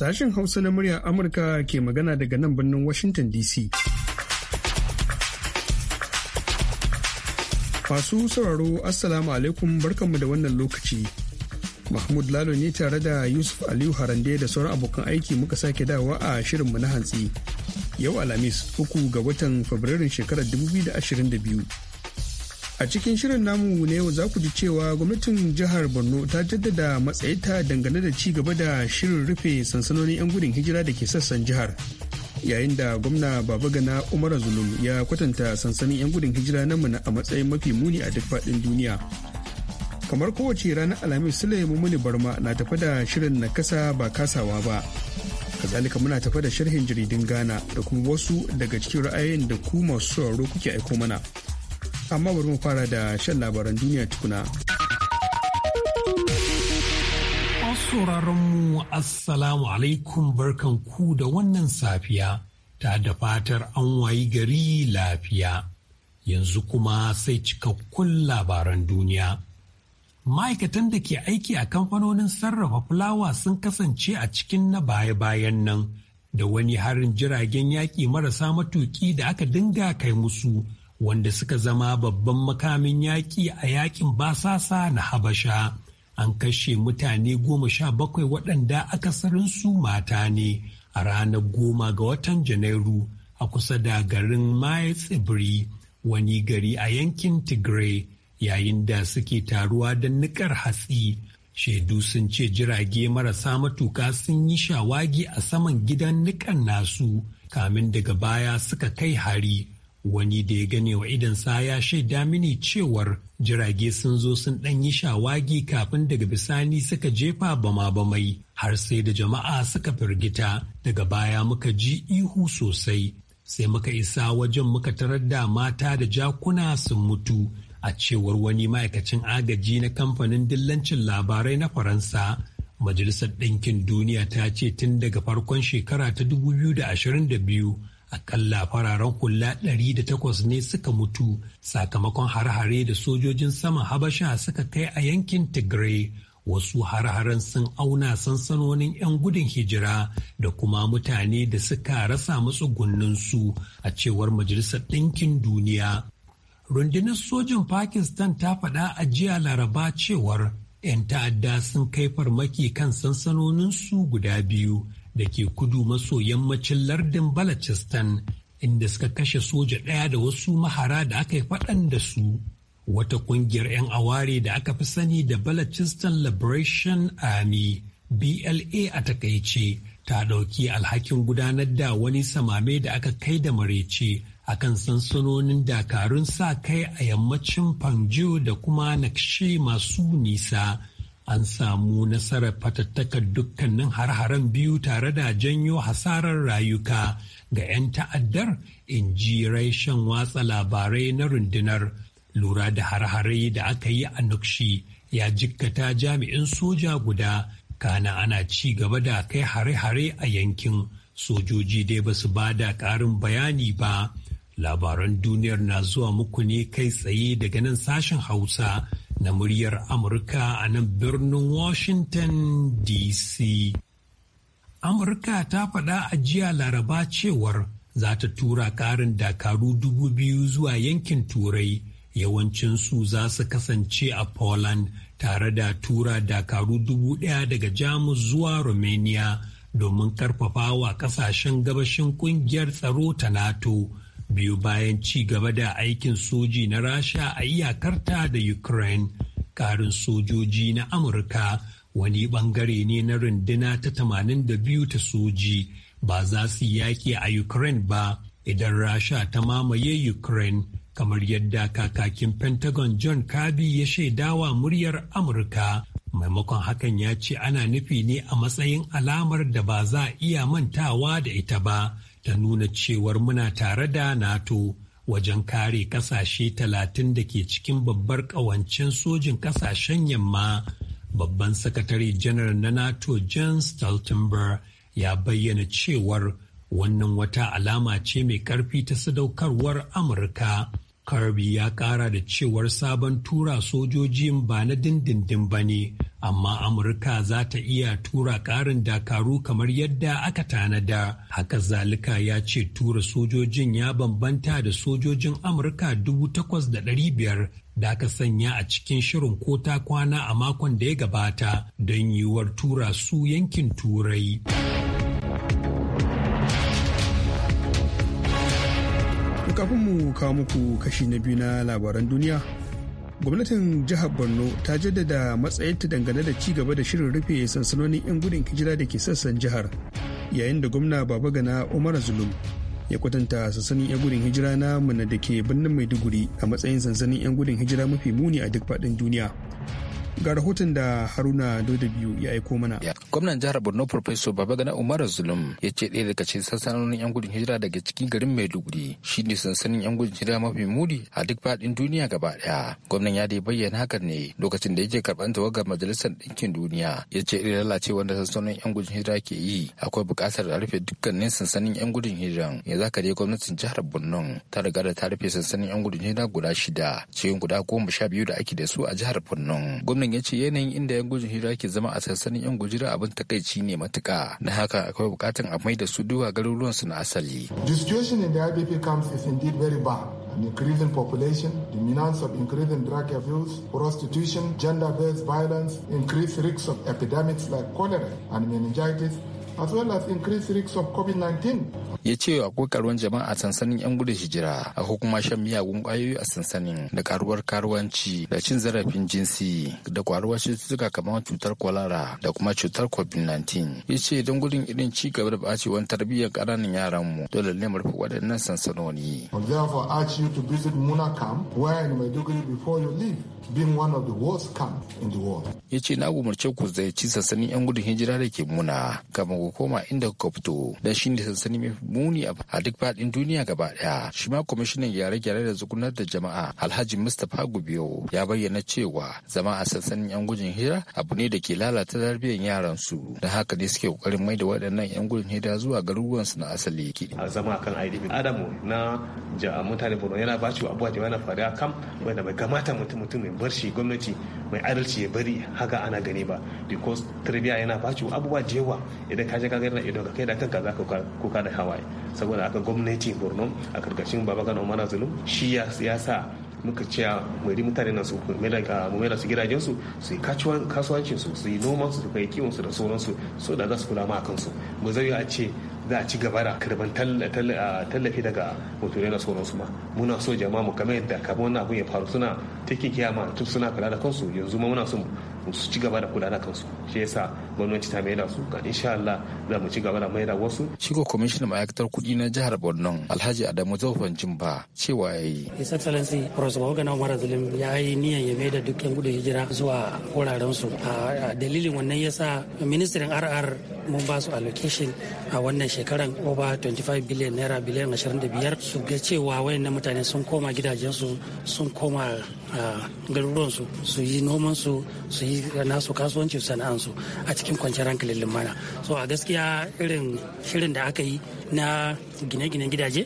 Sashen Hausa na muryar Amurka ke magana daga nan birnin Washington DC. Masu sauraro Assalamu alaikum barkanmu da wannan lokaci. Mahmud Lalo ne tare da Yusuf Aliyu Harande da sauran abokan aiki muka sake dawa a shirinmu na hantsi. Yau Alhamis, uku ga watan Fabrairun shekarar 2022. a cikin shirin namu na yau za ku ji cewa gwamnatin jihar borno ta jaddada matsayita dangane da ci gaba da shirin rufe sansanonin 'yan gudun hijira da ke sassan jihar yayin da gwamna gana umar zulum ya kwatanta sansanin 'yan gudun hijira na mana a matsayin mafi muni a duk faɗin duniya kamar kowace ranar alhamis sulaimu muni barma na tafa da shirin na kasa ba kasawa ba kazalika muna tafi da sharhin jaridun ghana da kuma wasu daga cikin ra'ayin da ku masu sauraro kuke aiko mana amma bari mu fara da shan labaran duniya tukuna. sauraron mu Assalamu alaikum barkan ku da wannan safiya ta da fatar an wayi gari lafiya. Yanzu kuma sai cikakkun labaran duniya. Ma'aikatan da ke aiki a kamfanonin sarrafa fulawa sun kasance a cikin na baya-bayan nan da wani harin jiragen yaƙi marasa matuƙi da aka dinga kai musu wanda suka zama babban makamin yaƙi a yaƙin basasa na Habasha. An kashe mutane goma sha bakwai waɗanda akasarin su mata ne a ranar goma ga watan Janairu a kusa da garin Maye Tsibiri, wani gari a yankin Tigray, yayin da suke taruwa don niƙar hatsi. Shaidu sun ce jirage marasa matuka sun yi shawagi a saman gidan niƙan nasu, kamin daga baya suka kai hari. wani da ya gane wa sa ya shaida mini cewar jirage sun zo sun ɗan yi shawagi kafin daga bisani suka jefa bama-bamai har sai da jama'a suka firgita daga baya muka ji ihu sosai sai muka isa wajen muka tarar da mata da jakuna sun mutu a cewar wani ma'aikacin agaji na kamfanin dillancin labarai na faransa majalisar ɗinkin duniya ta ce tun daga farkon shekara ta 2022 akalla fararen hula takwas ne suka mutu sakamakon har-hare da sojojin sama habasha suka kai a yankin tigray wasu har-haren sun auna sansanonin 'yan gudun hijira da kuma mutane da suka rasa su a cewar majalisar ɗinkin duniya rundunar sojin pakistan ta faɗa a jiya laraba cewar 'yan ta'adda sun kai farmaki kan sansanoninsu guda biyu da ke kudu maso yammacin lardin Balachistan inda suka kashe soja ɗaya da wasu mahara da aka yi faɗan da su. Wata ƙungiyar 'yan aware da aka fi sani da Balachistan Liberation Army BLA a takaice ta ɗauki alhakin gudanar da wani samame da aka kai da marece a kan sansanonin dakarun sa kai a yammacin pangeo da kuma nakshe masu nisa an samu nasarar fatattakar dukkanin har biyu tare da janyo hasarar rayuka ga 'yan ta'addar in ji reshen watsa labarai na rundunar lura da har-hare da aka yi a nukshi ya jikkata jami'in soja guda kana ana ci gaba da kai hare-hare a yankin sojoji dai ba su ba da ƙarin bayani ba labaran duniyar na zuwa muku ne kai tsaye daga nan sashen hausa na muryar Amurka a nan birnin Washington DC. Amurka ta faɗa a jiya Laraba cewar za ta tura ƙarin dakaru dubu biyu zuwa yankin Turai, yawancin su za su kasance a Poland tare da tura dakaru dubu ɗaya daga Jamus zuwa Romania domin karfafa wa ƙasashen gabashin ƙungiyar tsaro ta NATO. biyu bayan ci gaba da aikin soji na rasha a iyakarta da ukraine karin sojoji na amurka wani bangare ne na runduna ta 82 ta soji ba za su yaki a ukraine ba idan rasha ta mamaye ukraine kamar yadda kakakin pentagon john kirby ya shaidawa muryar amurka maimakon hakan ya ce ana nufi ne a matsayin alamar da ba za a iya mantawa da ita ba Ta nuna cewar muna tare da NATO wajen kare kasashe talatin da ke cikin babbar ƙawancen sojin ƙasashen yamma babban sakatare janar na NATO John Stoltenberg ya bayyana cewar wannan wata alama ce mai ƙarfi ta sadaukarwar Amurka. Karbi ya ƙara da cewar sabon tura sojojin ba na dindindin ba ne amma Amurka za ta iya tura ƙarin dakaru kamar yadda aka tanada. Haka zalika ya ce tura sojojin ya bambanta da sojojin Amurka dubu takwas da ɗari biyar da aka sanya a cikin shirin ko ta kwana a makon da ya gabata don yiwuwar tura su yankin Turai. Kafin mu kawo muku kashi na biyu na labaran duniya gwamnatin jihar borno ta jaddada matsayinta dangane da ci gaba da shirin rufe sansanonin 'yan gudun hijira da ke sassan jihar yayin da gwamna baba gana umar zulum ya kwatanta sansanin 'yan gudun hijira na mana da ke birnin maiduguri a matsayin sansanin 'yan gudun hijira mafi muni a duk faɗin duniya ga rahoton da haruna biyu ya aiko mana gwamnan jihar borno baba babagana umar zulum ya ce ɗaya daga cikin sansanonin yan gudun hijira daga cikin garin maiduguri shine sansanin yan gudun hijira mafi muni a duk faɗin duniya gaba ɗaya gwamnan ya dai bayyana hakan ne lokacin da yake karɓar tawagar majalisar ɗinkin duniya ya ce irin lalace wanda sansanonin yan gudun hijira ke yi akwai buƙatar a rufe dukkanin sansanin yan gudun hijiran ya ka dai gwamnatin jihar borno ta riga da ta rufe sansanin yan gudun hijira guda shida cikin guda goma sha biyu da ake da su a jihar borno gwamnan ya ce yanayin inda yan gudun hijira ke zama a sansanin yan gujira abin takaici ne matuka na haka akwai bukatan a mai da su duwa garuruwan su na asali the situation in the ibp camps is indeed very bad an increasing population, dominance of increasing drug abuse, prostitution, gender-based violence, increased risks of epidemics like cholera and meningitis, as well as increased risks of COVID-19 ya ce wa karuwan jama'a sansanin 'yan gudun hijira a kuma shan miyagun kwayoyi a sansanin da karuwar karuwanci da cin zarafin jinsi da kwaruwar cututtuka kamar cutar kwalara da kuma cutar covid-19 ya ce don gudun irin ci gaba da bacewan tarbiyyar ƙananan yaran mu dole ne murfi waɗannan sansanoni. therefore you Ya ce na umarce ku zai ci sansanin 'yan gudun hijira da ke muna kama ku koma inda ku fito da shi ne sansanin mafi muni a duk faɗin duniya gaba ɗaya shi ma kwamishinan gyare-gyare da zukunar da jama'a alhaji mustapha gubiyo ya bayyana cewa zama a sansanin yan gudun hira abu ne da ke lalata tarbiyyar yaran su da haka ne suke kokarin mai da waɗannan yan gudun hira zuwa garuruwan su na asali yake a zama kan IDP adamu na ja mutane Borno yana ba shi abuwa da yana faruwa kam wanda bai kamata mutum mutum mai barshi gwamnati mai adalci ya bari haka ana gani ba because tarbiyya yana ba shi abubuwa da idan ka je ka ga idan ka kai da kanka za ka kuka da hawa. wallahi saboda aka gwamnati borno a karkashin babagan umar zulum shi ya sa muka ce mu yi mutane na su mu su gidajen su su yi kasuwancin su su yi noman su kai kiwon su da sauransu so da za su kula ma kansu ba zai a ce za a ci gaba da karban tallafi daga mutune da sauransu ma muna so jama'a mu kamar yadda kamar wannan abun ya faru suna taking care ma tun suna kula da kansu yanzu ma muna so su ci gaba da kula da kansu shi yasa gwamnati ta mai da su ka insha Allah za mu ci gaba da mai da wasu shi ko ma'aikatar kuɗi na jihar Borno Alhaji Adamu Zaufan Jimba cewa yayi His Excellency Professor Mahogana Umar Zulum ya yi niyyar ya mai da dukkan gudun hijira zuwa wuraren su dalilin wannan yasa ministrin RR mun ba su allocation a wannan shekaran over 25 biliyan naira biliyan 25 su ga cewa na mutane sun koma gidajensu sun koma ah, garuruwansu su yi nomansu su yi nasu kasuwanci sana'ansu a cikin kwanciyar hankalin limana so a gaskiya irin shirin da aka yi na gine-ginen gidaje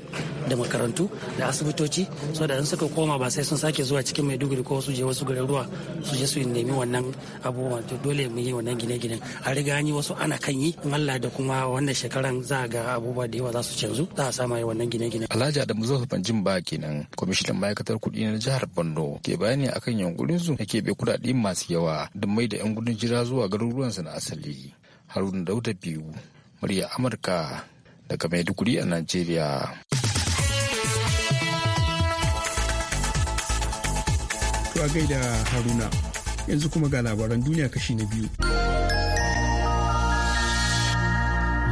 da makarantu da asibitoci so da in suka koma ba sai sun sake zuwa cikin maiduguri ko su je wasu garuruwa su je su nemi wannan abubuwan to dole mu yi wannan gine-ginen a riga an yi wasu ana kan yi in Allah da kuma wannan shekaran za ga abubuwa da yawa za su canzu za a samu yi wannan gine-ginen Alhaji Adamu Zafafan Banjin ba kenan kwamishinan ma'aikatar kuɗi na jihar Borno ke bayani akan yankurin su da keɓe kuɗaɗe masu yawa don mai da 'yan gudun jira zuwa garuruwan su na asali Haruna Dauda biyu murya Amurka daga Maiduguri a Najeriya. Kuwa gaida Haruna. Yanzu kuma ga labaran duniya kashi na biyu.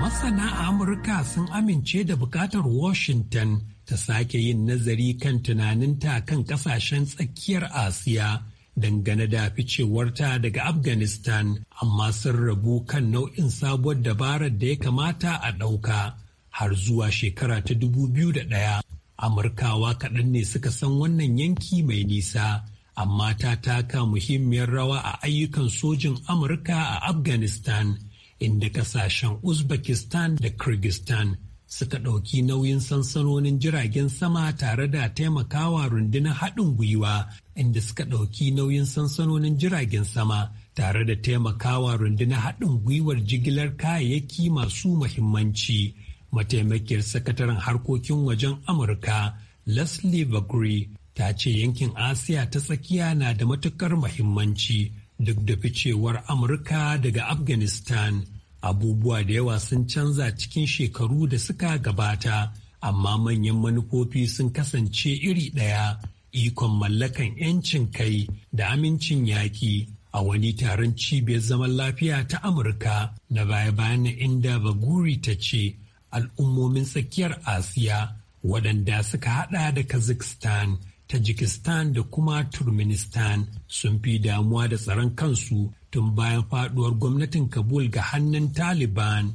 Masana a Amurka sun amince da bukatar Washington ta sake yin nazari kan tunaninta kan kasashen tsakiyar Asiya dangane da ficewarta daga Afghanistan amma sun rabu kan nau'in sabuwar dabarar da ya kamata a ɗauka har zuwa shekara ta 2001. Amurkawa kaɗan ne suka san wannan yanki mai nisa amma ta taka muhimmiyar rawa a ayyukan sojin Amurka a Afghanistan, inda kasashen Uzbekistan da Kyrgyzstan suka ɗauki nauyin sansanonin jiragen sama tare da taimakawa rundunar haɗin gwiwa, inda suka ɗauki nauyin sansanonin jiragen sama tare da taimakawa rundunar haɗin gwiwar jigilar kayayyaki masu muhimmanci. Mataimakiyar sakataren harkokin wajen Amurka, Leslie Bagri ta ce yankin Asiya ta tsakiya na da matukar mahimmanci duk da ficewar Amurka daga Afghanistan. Abubuwa da yawa sun canza cikin shekaru da suka gabata, amma manyan manufofi sun kasance iri ɗaya, ikon mallakan 'yancin kai da amincin yaƙi a wani taron cibiyar zaman lafiya ta Amurka na baya-bayan inda Baguri ta ce al'ummomin tsakiyar Asiya waɗanda suka haɗa da Kazakhstan. tajikistan da kuma turkmenistan sun fi damuwa da tsaron kansu tun bayan faduwar gwamnatin kabul ga hannun taliban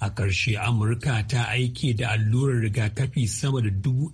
a ƙarshe amurka ta aike da allurar rigakafi sama da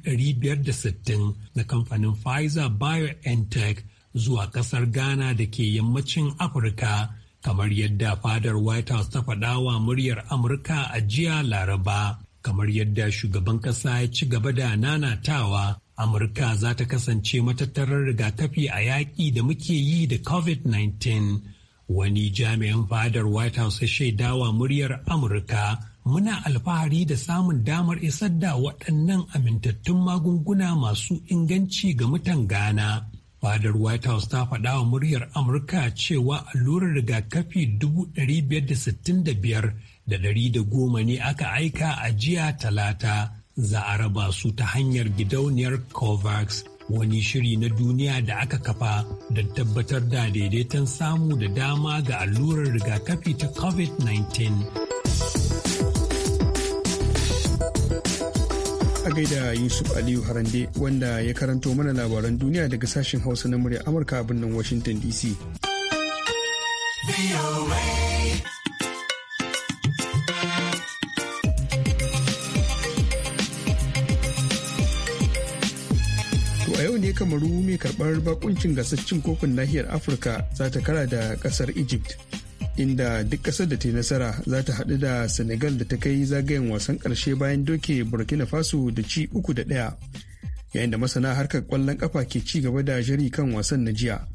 560 na kamfanin pfizer biontech zuwa ƙasar ghana da ke yammacin afirka kamar yadda fadar white house ta faɗawa muryar amurka a jiya laraba kamar yadda shugaban ƙasa ya ci gaba da nanatawa Amurka za ta kasance matattarar rigakafi a yaƙi da muke yi da COVID-19. Wani jami'in fadar White House ya shaidawa muryar Amurka muna alfahari da samun damar isar da waɗannan amintattun magunguna masu inganci ga mutan Ghana. Fadar White House ta faɗa wa muryar Amurka cewa allurar rigakafi biyar. da ɗari da goma ne aka aika a jiya talata za a raba su ta hanyar gidauniyar covax wani shiri na duniya da aka kafa da tabbatar da daidaiton samu da dama ga allurar rigakafi ta covid-19 a gaida yusuf aliyu harande wanda ya karanto mana labaran duniya daga sashen hausa na murya amurka a birnin washington dc a yau ne kamaru mai karɓar bakuncin gasar kofin nahiyar afirka za ta kara da ƙasar egypt inda duk ƙasar da ta yi nasara za ta haɗu da senegal da ta kai zagayen wasan ƙarshe bayan doke burkina faso da ci uku da ɗaya yayin da masana harkar ƙwallon ƙafa ke ci gaba da jari kan wasan na jiya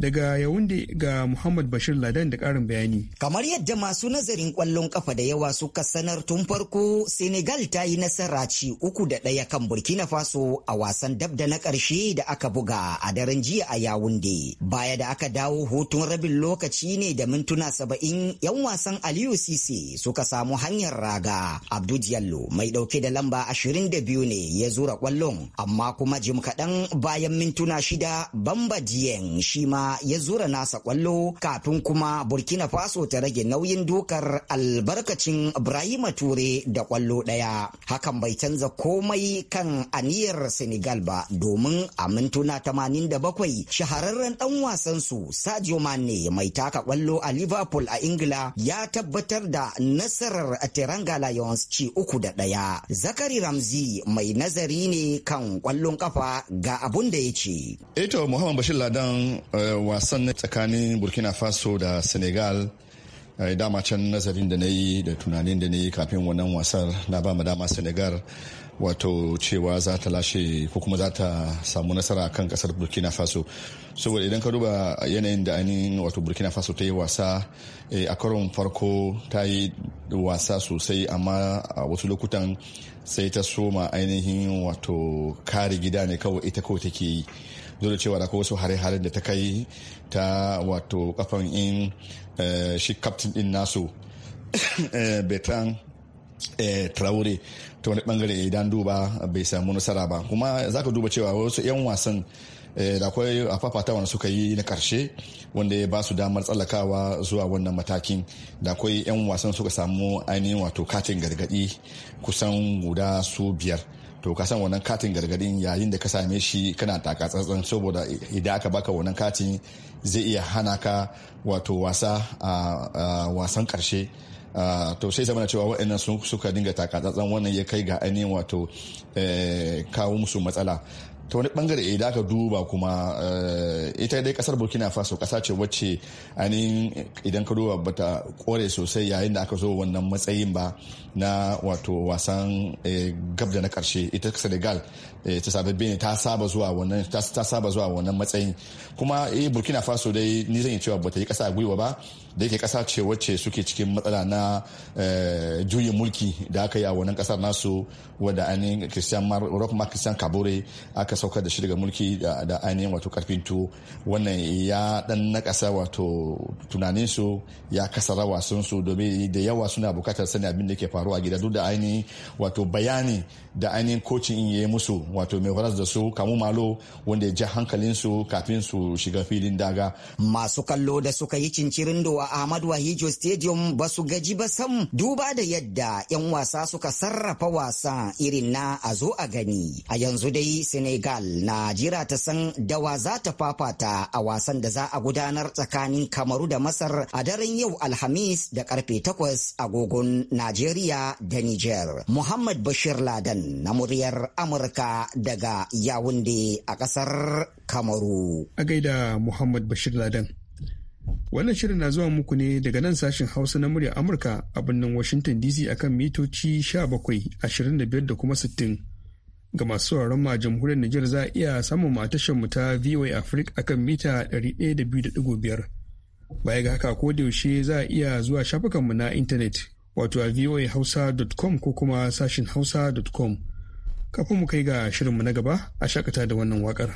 daga yawunde ga muhammad bashir ladan da karin bayani kamar yadda masu nazarin kwallon kafa da yawa suka sanar tun farko senegal ta yi nasara ci uku da ɗaya kan burkina faso a wasan dab da na ƙarshe da aka buga a daren jiya a yawunde baya da aka dawo hutun rabin lokaci ne da mintuna saba'in yan wasan aliyu sise suka samu hanyar raga abdu diallo mai ɗauke da lamba ashirin da biyu ne ya zura kwallon amma kuma jim kaɗan bayan mintuna shida bamba dieng shi ma ya zura nasa kwallo kafin kuma Burkina Faso ta rage nauyin dokar albarkacin Ibrahima Ture da kwallo daya Hakan bai canza komai kan aniyar Senegal ba domin a mintuna 87 shahararren dan wasan su Sadio Mane mai taka kwallo a Liverpool a Ingila ya tabbatar da nasarar Teranga Lions ci uku da daya Zakari Ramzi mai nazari ne kan kwallon kafa ga abun da ya ce. Eto Muhammad Bashir Ladan eh, wasan na tsakanin burkina faso da senegal eh, dama can nazarin da na yi da tunanin da na yi kafin wannan wasar na ba mu dama senegal wato cewa za ta lashe ko kuma za ta samu nasara kan kasar burkina faso saboda idan ka duba yanayin da ainihin wato burkina faso ta yi wasa eh, a karon farko ta yi wasa sosai amma a wasu lokutan sai ta soma ainihin wato kare gida ne kawai ita kawai take yi dole cewa da wasu hare-hare da ta kai ta wato kafan in eh, shi captain din nasu eh, betan eh, traore ta wani bangare idan duba bai samu nasara ba kuma za ka duba cewa wasu 'yan wasan da akwai a fafatawa suka yi na karshe wanda ya ba su damar tsallakawa zuwa wannan matakin da akwai 'yan wasan suka samu ainihin wato katin gargadi kusan guda su biyar to ka san wannan katin gargadin yayin da ka same shi kana taka tsantsan saboda idan aka baka wannan katin zai iya hana ka wato wasa a wasan karshe to sai zama cewa waɗannan sun suka dinga taka tsantsan wannan ya kai ga ainihin wato eh, kawo musu matsala ta wani bangare idan eh, aka duba kuma eh, ita dai kasar burkina faso kasa ce wacce ainihin eh, idan ka duba bata kore sosai yayin da aka zo wannan matsayin ba na wato wasan gab da na karshe ita senegal ta sabi bene ta saba zuwa wannan ta saba zuwa matsayin kuma burkina faso dai ni zan yi cewa bata yi kasa gwiwa ba da yake kasa ce wacce suke cikin matsala na eh, juyin mulki da aka yi a wannan kasar nasu wadda ainihin christian ma christian kabore aka saukar da shi daga mulki da ainihin wato karfin tuwo wannan ya dan na kasa wato tunanin su ya kasara wasan su domin da yawa suna bukatar sani abin da ke faruwa gida duk da ainihin wato bayani da ainihin kocin in yi musu wato mai horas da su kamu malo wanda ya ji hankalin su kafin su shiga filin daga masu kallo da suka yi cincirin a Ahmad Wahijo Stadium ba su gaji ba sam duba da yadda 'yan wasa suka sarrafa wasa irin na a zo a gani. A yanzu dai Senegal na jira ta san dawa za ta fafata a wasan da za a gudanar tsakanin Kamaru da Masar a daren yau Alhamis da karfe takwas agogon Najeriya da Niger. Muhammad Bashir Ladan na muryar Amurka daga Yawunde a ƙasar Kamaru. A gaida Muhammad Bashir Ladan. Wannan shirin na zuwa muku ne daga nan sashen Hausa na muryar Amurka a birnin Washington DC akan mitoci 17, da kuma 60. Ga masu sauraron ma jamhuriyar Nijar za a iya samun ma tashar mu ta VOA Africa akan mita 102.5. Baya ga haka ko da yaushe za a iya zuwa mu na intanet wato a voahausa.com ko kuma sashin hausa.com. Kafin mu kai ga shirin mu na gaba a shakata da wannan wakar.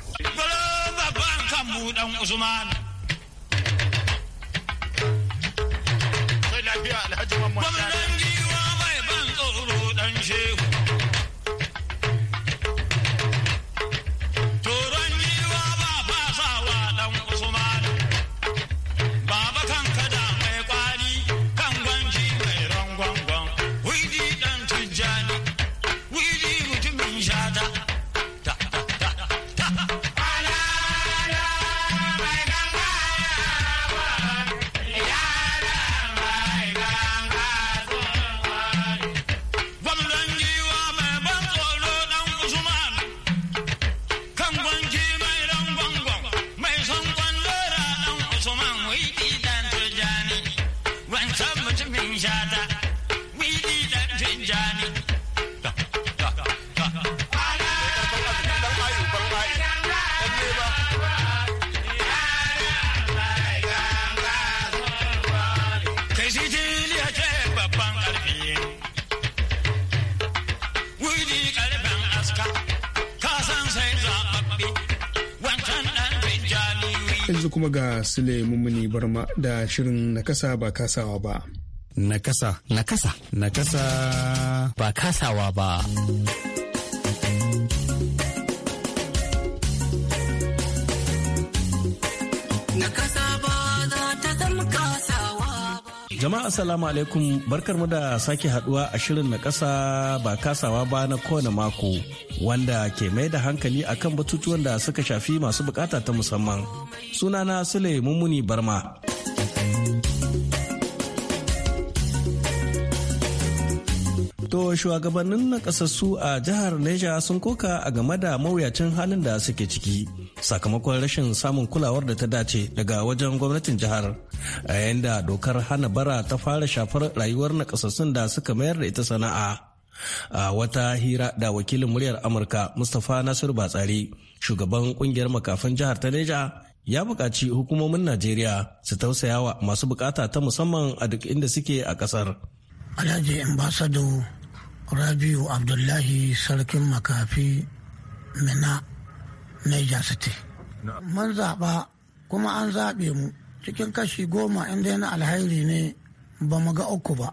Usman. alhaji mamman yanzu kuma ga sule mummuni barma da shirin nakasa ba kasawa ba nakasa nakasa nakasa ba kasawa ba Jama'a assalamu alaikum barkar mu da sake haduwa a shirin na kasa ba kasawa ba na kowane mako wanda ke mai da hankali akan batutuwan da suka shafi masu bukata ta musamman. Sunana Sule Mummuni Barma. To shugabannin na kasassu a jihar Neja sun koka a game da mawuyacin halin da suke ciki. sakamakon rashin samun kulawar da ta dace daga wajen gwamnatin jihar a yayin da dokar hana bara ta fara shafar rayuwar nakasassun da suka mayar da ita sana'a a wata hira da wakilin muryar amurka mustapha nasiru batsari shugaban kungiyar makafin jihar ta neja ya buƙaci hukumomin najeriya su tausaya wa masu bukata ta musamman a duk inda suke a ƙasar alhaji ambasado rabiu abdullahi sarkin makafi mina Niger City. Mun zaɓa kuma an zaɓe mu cikin kashi goma inda na alhairi ne ba mu ga uku ba.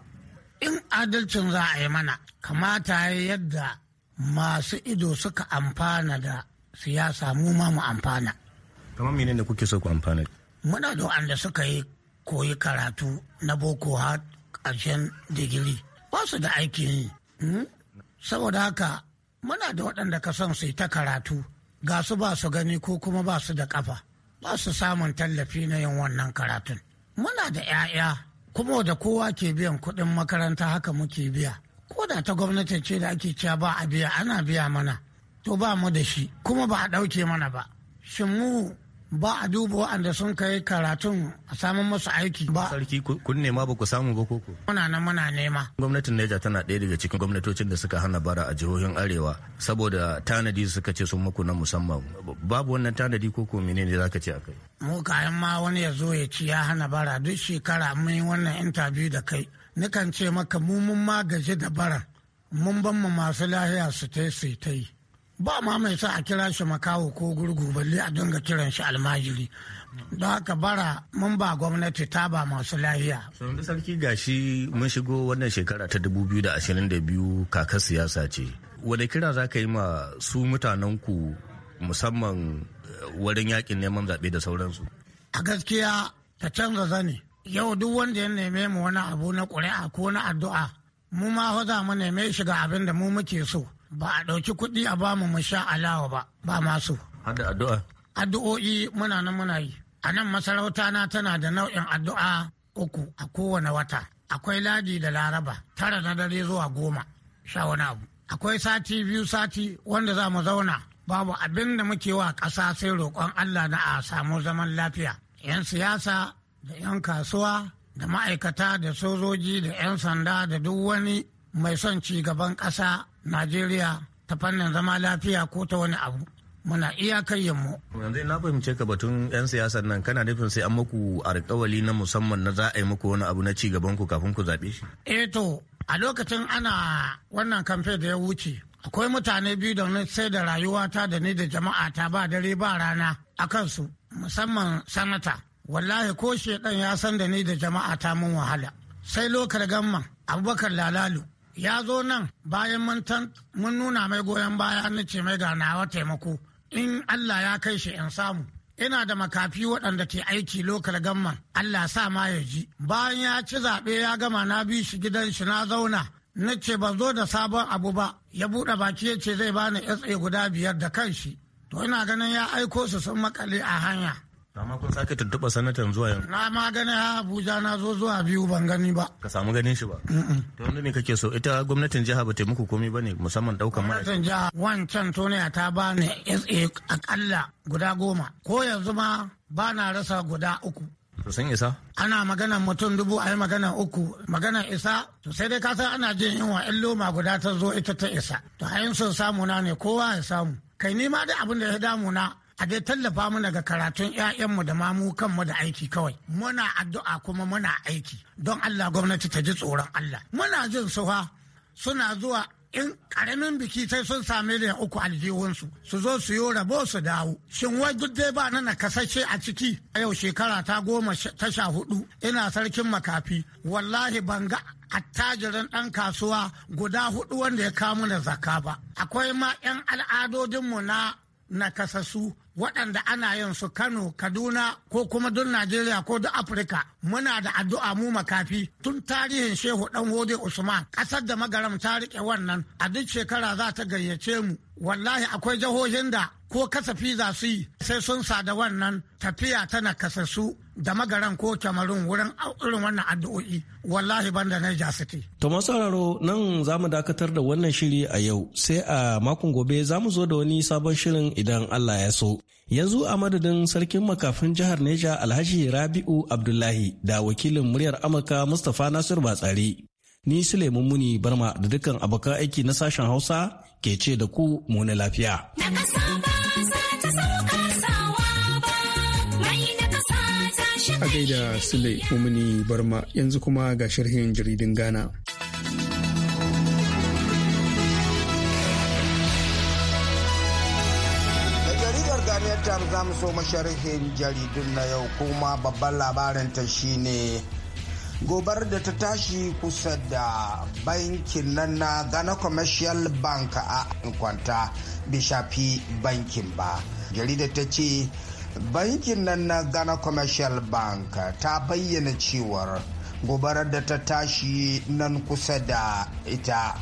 In adalcin za a yi mana kamata yadda masu ido suka amfana da siyasa mu ma mu amfana. Kamar menene da kuke so ku amfana? Muna da wanda suka yi koyi karatu na boko har ƙarshen digiri ba su da aikin yi. Hmm? Saboda haka muna da waɗanda ka son su yi ta karatu ga su ba su gani ko kuma ba su da kafa ba su samun tallafi na yin wannan karatun muna da 'ya'ya kuma da kowa ke biyan kuɗin makaranta haka muke biya ko da ta gwamnati ce da ake cewa ba a biya ana biya mana to ba mu da shi kuma ba a ɗauke mana ba shin mu ba a duba waɗanda sun kai karatun a samun masu aiki ba. Sarki kun nema ba ku samu ba koko? Muna nan muna nema. Gwamnatin Neja tana ɗaya daga cikin gwamnatocin da suka hana bara a jihohin Arewa saboda tanadi suka ce sun muku na musamman. Babu wannan tanadi koko menene za ka ce a kai? Mu kayan ma wani ya zo ya ci ya hana bara duk shekara mun yi wannan intabiyu da kai. nukan ce maka mu mun magaji da bara. Mun ban mu masu lahiya su ta su ta yi. ba ma mai sa a kira shi makawo ko gurgu balle a dinga kiran shi almajiri don haka bara mun ba gwamnati ta ba masu lafiya. sanadu sarki gashi mun shigo wannan shekara ta biyu kaka siyasa ce. Wani kira za ka yi ma su mutanen ku musamman eh, wurin yakin neman zaɓe da sauransu? A gaskiya ta canza zane. Yau duk wanda ya neme mu wani abu na ƙuri'a ko na addu'a mu ma za mu neme shiga abin da mu muke so. ba a ɗauki kuɗi a ba mu sha alawa ba ba masu. Hada addu'a. Addu'o'i muna nan muna yi. A nan masarauta na tana da nau'in addu'a uku a kowane wata. Akwai ladi da laraba tara na dare zuwa goma sha wani abu. Akwai sati biyu sati wanda za mu zauna babu abin da muke wa ƙasa sai roƙon Allah na a samu zaman lafiya. 'Yan siyasa da 'yan kasuwa da ma'aikata da sojoji da 'yan sanda da duk wani mai son ci gaban ƙasa najeriya ta fannin zama lafiya ko ta wani abu muna iyakar yammu. yanzu na fahimce ka batun 'yan siyasar nan kana nufin sai an muku alkawali na musamman na za a yi muku wani abu na ci gaban ku kafin ku zaɓe shi. eh to a lokacin ana wannan kamfe da ya wuce akwai mutane biyu da sai da rayuwata da ni da jama'a ta ba dare ba rana a kansu musamman sanata wallahi ko shi ya san da ni da jama'a ta mun wahala sai lokar gamma abubakar lalalu ya zo nan bayan mun nuna mai goyon baya na ce mai ganawa taimako in Allah ya kai shi in samu ina da makafi waɗanda ke aiki lokal gamman Allah sa ma ya ji bayan ya ci zaɓe ya gama na bi shi gidan shi na zauna na ce ba zo da sabon abu ba ya buɗe baki ya ce zai bani SA guda biyar da kanshi to ina ganin ya aiko su sun makale a hanya amma kun sake tuntuɓa sanatan zuwa yanzu na ma gani a abuja na zo zuwa biyu ban gani ba ka samu ganin shi ba to wanda ne kake so ita gwamnatin jiha ba ta muku komai ba ne musamman ɗaukan ma'aikata gwamnatin jiha wancan toniya ta ba ni akalla guda goma ko yanzu ma ba na rasa guda uku to sun isa ana magana mutum dubu a yi magana uku magana isa to sai dai ka san ana jin yunwa in loma guda ta zo ita ta isa to a sun samu na ne kowa ya samu kai ni ma da abin da ya damu na a dai tallafa mana ga karatun 'ya'yanmu da mamu kanmu da aiki kawai muna addu'a kuma muna aiki don allah gwamnati ta ji tsoron allah muna jin suwa suna zuwa in karamin biki sai sun sami da uku aljihunsu su zo su yi rabo su dawo shin wai duk dai ba na kasashe a ciki a yau shekara ta goma ta sha hudu ina sarkin makafi wallahi ban ga attajirin ɗan kasuwa guda hudu wanda ya kamu da zaka ba akwai ma 'yan al'adodinmu na nakasassu waɗanda ana yin su Kano, Kaduna ko kuma duk Najeriya ko duk Afirka. Muna da addu'a mu makafi tun tarihin Shehu Dan Hode Usman ƙasar da magaram ta riƙe wannan a duk shekara za ta gayyace mu. Wallahi akwai jihohin da ko kasafi za su yi sai sun sa da wannan tafiya ta nakasassu da magaran ko kyamarun wurin irin wannan addu'o'i wallahi banda na jasiti. To sauraro nan za mu dakatar da wannan shiri a yau sai a makon gobe za mu zo da wani sabon shirin idan Allah ya so. yanzu a madadin sarkin makafin jihar neja alhaji rabi'u abdullahi da wakilin muryar amurka mustapha nasir batsari ni suleiman muni barma da dukkan abokan aiki na sashen hausa ke ce da ku muna lafiya a gaida sule umuni barma yanzu kuma ga sharhin jaridin ghana za mu so masharihin jaridun na yau kuma babban labarinta shine gobar da ta tashi kusa da bankin nan na Ghana Commercial Bank a kwanta bai shafi bankin ba. Jaridar ta ce bankin nan na Ghana Commercial Bank ta bayyana cewar gobarar da ta tashi nan kusa da ita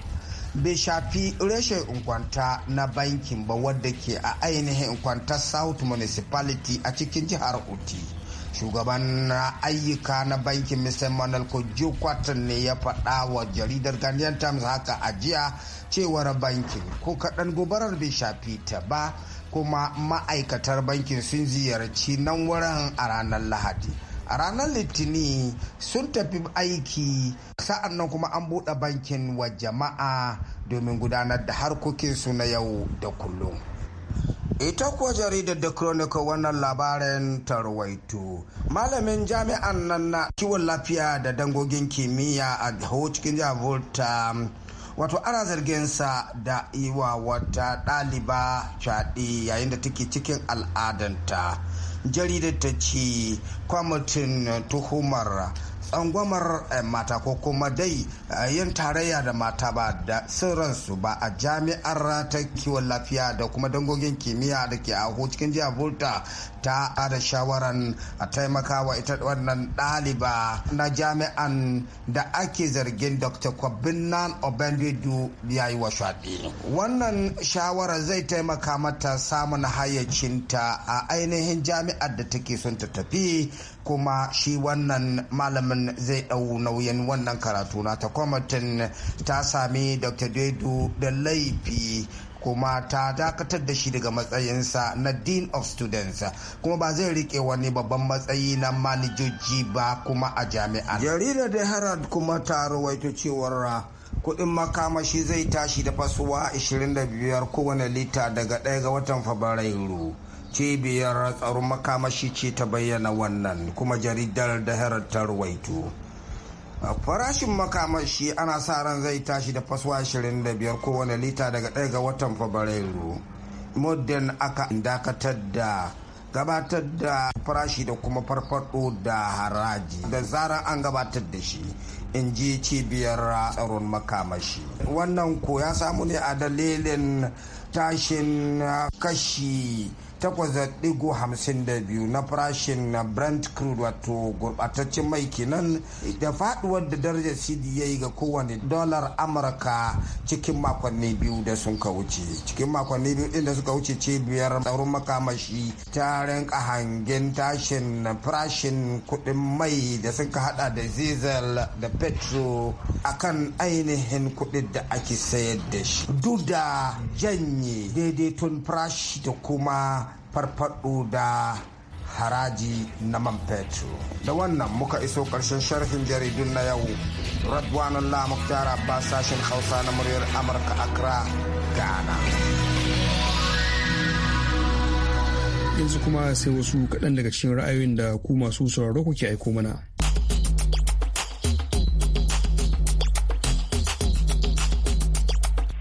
bai shafi reshen inkwanta na bankin ba wadda ke a ainihin kwanta south municipality a cikin jihar uti shugaban ayyuka na bankin mr manuel kojo kwatan ne ya faɗa wa jaridar ghanaian times haka a jiya cewar bankin ko kaɗan gobarar bai shafi ta ba kuma ma'aikatar bankin sun ziyarci nan wurin a ranar lahadi a ranar litini sun tafi aiki sa'an nan kuma an buɗe bankin wa jama'a domin gudanar da harkokinsu na yau da kullum ita kuwa jaridar da chronicle wannan labarin tarwaito malamin jami'an nan na kiwon lafiya da dangogin kimiyya a cikin jihar volta wato ana zargin sa da iwa wata ɗaliba fyaɗe yayin da take cikin al'adanta jaridar ta ce kwamitin tuhumar tsangwamar eh, mata ko kuma dai eh, yin tarayya da mata ba da ransu ba a jami'ar ta kiwon lafiya da kuma dangogin kimiyya da ke aho cikin jihar volta ta da shawaran a taimaka wa ita wannan ɗaliba na jami'an da ake zargin dr kwabinnan obendidu ya yi wa shaɗi wannan shawara zai taimaka mata samun hayyacinta a ainihin jami'ar da take son ta tafi kuma shi wannan malamin zai ɗau nauyin wannan karatu na ta kwamitin ta sami dr dedu da laifi kuma ta dakatar da shi daga matsayinsa na dean of students kuma ba zai rike wani babban matsayi na manijoji ba kuma a jami'a jaridar da harad kuma ta rawaito cewar kudin makamashi zai tashi da fasuwa 25 kowane lita daga 1 ga watan fabrairu cibiyar tsaron makamashi ce ta bayyana wannan kuma jaridar da ta ruwaito farashin makamashi ana sa ran zai tashi da faswa 25 kowane lita daga ɗaya ga watan fabrairu modern aka dakatar da gabatar da farashi da kuma farfado da haraji da zarar an gabatar da shi in ji cibiyar tsaron makamashi wannan ko ya samu ne a dalilin tashin kashi 8.52 na farashin na brent crude wato gurbataccen mai kenan da faduwar da darajar cd ya yi ga kowane dolar amurka cikin makonni biyu da sun ka wuce cikin makonni biyu din da suka wuce cibiyar tsaron makamashi ta renka hangen tashin farashin kudin mai da sun ka hada da zizel da a kan ainihin kudin da ake sayar da shi duk da janye daidaiton farashi da kuma farfaɗo da haraji na man fetur. Da wannan muka iso ƙarshen sharhin jaridun na yau. Radwanan Lamuk Jara ba sashen Hausa na muryar Amurka Accra, Ghana. Yanzu kuma sai wasu kaɗan daga cikin ra'ayoyin da ku masu sauraro kuke aiko mana.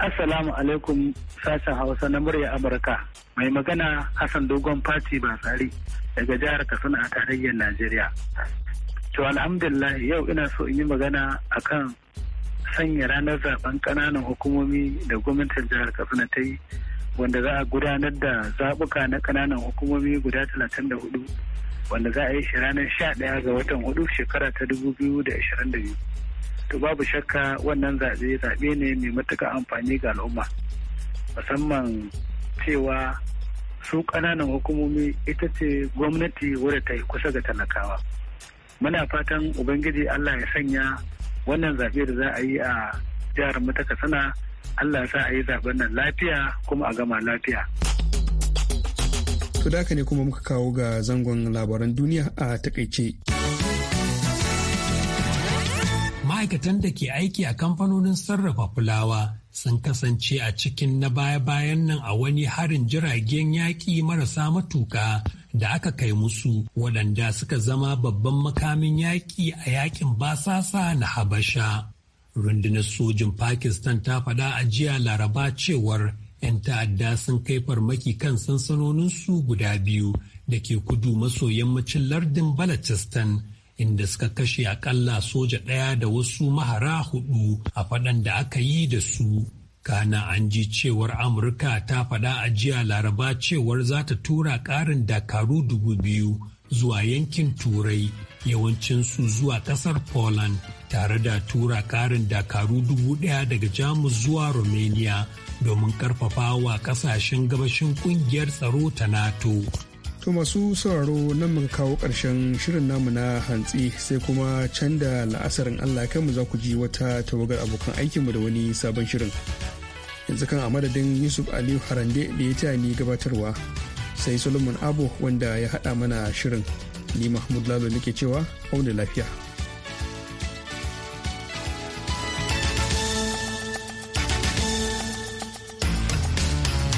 Assalamu alaikum sashen Hausa na murya Amurka. mai magana hassan dogon fati ba tsari daga jihar katsina a tarayyar najeriya to alhamdulillah yau ina so in yi magana a kan sanya ranar zaben kananan hukumomi da gwamnatin jihar katsina ta yi wanda za a gudanar da zabuka na kananan hukumomi guda 34 wanda za a yi shi ranar 11 ga watan 4 shekara ta 2022 to babu shakka wannan zaɓe zaɓe ne mai matuƙa amfani ga al'umma musamman cewa su ƙananan hukumomi ita ce gwamnati wadda ta yi kusa ga talakawa muna fatan ubangiji allah ya sanya wannan zaɓe da za a yi a jihar mu ta allah sa a yi zaɓen nan lafiya kuma a gama lafiya to da ne kuma muka kawo ga zangon labaran duniya a takaice ma'aikatan da ke aiki a kamfanonin sarrafa fulawa sun kasance a cikin na baya-bayan nan a wani harin jiragen yaƙi marasa matuka da aka kai musu waɗanda suka zama babban makamin yaƙi a yaƙin basasa na Habasha. Rundunar sojin Pakistan ta faɗa a jiya Laraba cewar 'yan ta'adda sun kai farmaki kan sansanoninsu guda biyu da ke kudu maso yammacin lardin Balochistan. inda suka kashe akalla soja ɗaya da wasu mahara hudu a faɗan da aka yi da su. Kana an ji cewar Amurka ta faɗa a jiya laraba cewar za ta tura ƙarin dakaru dubu biyu zuwa yankin Turai yawancin su zuwa ƙasar Poland tare da tura ƙarin dakaru dubu ɗaya daga Jamus zuwa Romania domin ƙarfafa wa ƙasashen gabashin ƙungiyar tsaro ta NATO. To masu sauraro nan muka kawo ƙarshen shirin namu na hantsi sai kuma can da la'asarin Allah kai mu za ku ji wata tawagar abokan mu da wani sabon shirin. Yanzu kan a madadin Yusuf Aliyu Harande da ya taya ni gabatarwa sai Solomon abu wanda ya haɗa mana shirin. Ni Mahmud Lalo nake cewa, auna lafiya.